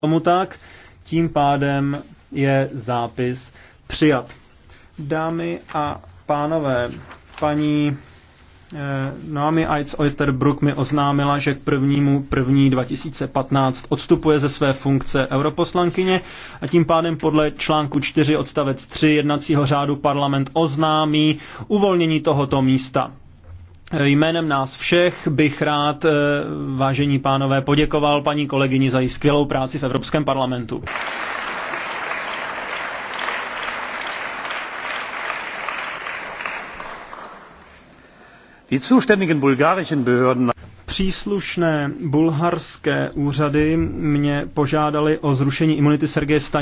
tomu tak, tím pádem je zápis přijat. Dámy a pánové, paní eh, Noami Eitz Oiterbruck mi oznámila, že k prvnímu první 2015 odstupuje ze své funkce europoslankyně a tím pádem podle článku 4 odstavec 3 jednacího řádu parlament oznámí uvolnění tohoto místa. Jménem nás všech bych rád, eh, vážení pánové, poděkoval paní kolegyni za její skvělou práci v Evropském parlamentu. Příslušné bulharské úřady mě požádali o zrušení imunity Sergeje Staní